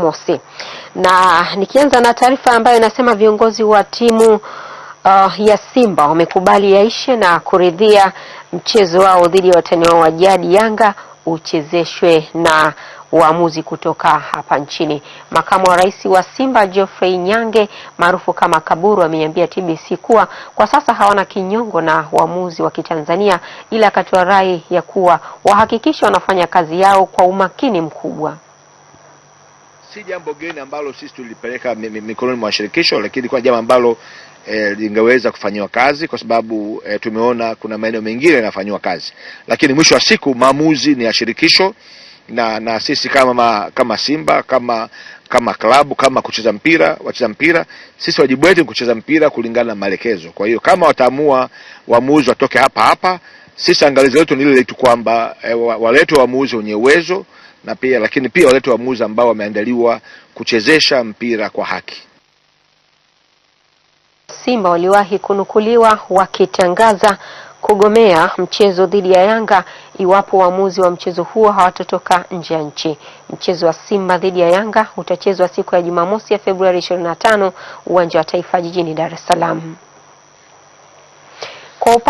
mosi, na nikianza na taarifa ambayo inasema viongozi wa timu Uh, ya Simba wamekubali yaishe na kuridhia mchezo wao dhidi ya watani wao wa jadi Yanga uchezeshwe na waamuzi kutoka hapa nchini. Makamu wa Rais wa Simba Geoffrey Nyange maarufu kama Kaburu ameiambia TBC kuwa kwa sasa hawana kinyongo na waamuzi wa Kitanzania, ila akatoa rai ya kuwa wahakikishe wanafanya kazi yao kwa umakini mkubwa si jambo geni ambalo sisi tulipeleka mikononi mwa shirikisho, lakini kwa jambo ambalo e, lingeweza kufanyiwa kazi kwa sababu e, tumeona kuna maeneo mengine yanafanyiwa kazi, lakini mwisho wa siku maamuzi ni ya shirikisho na na sisi kama kama Simba kama kama klabu kama kucheza mpira wacheza mpira, sisi wajibu wetu ni kucheza mpira kulingana na maelekezo. Kwa hiyo kama wataamua waamuzi watoke hapa hapa sisi angalizo letu ni lile tu kwamba e, eh, waletwe waamuzi wenye uwezo na pia lakini pia waletwe waamuzi ambao wameandaliwa kuchezesha mpira kwa haki. Simba waliwahi kunukuliwa wakitangaza kugomea mchezo dhidi ya Yanga iwapo waamuzi wa mchezo huo hawatotoka nje ya nchi. Mchezo wa Simba dhidi ya Yanga utachezwa siku ya Jumamosi ya Februari 25 uwanja wa Taifa jijini Dar es Salaam. Kwa